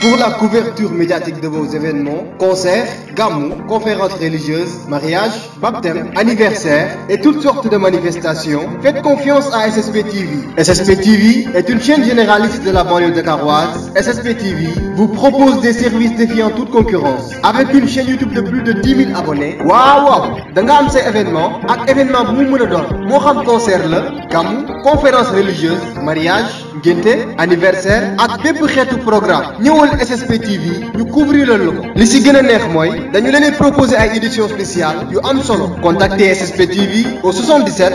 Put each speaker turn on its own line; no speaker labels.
pour la couverture médiatique de vos événements, concerts, gamou, conférences religieuses, mariages, baptêmes, anniversaires et toutes sortes de manifestations, faites confiance à SSP TV. SSP TV est une chaîne généraliste de la banlieue de Caroise SSP TV vous propose des services défiant toute concurrence avec une chaîne YouTube de plus de 10 waaw waaw da am sa événement ak événement bu mu mën a doon moo xam concert la gàmmu conférence religieuse mariage ngénte anniversaire ak bépp xeetu programme ñëwal SSP TV ñu couvrir leen la ko li si gën a neex mooy dañu leen proposer ay édition spéciale yu am solo contactez SSP TV au 77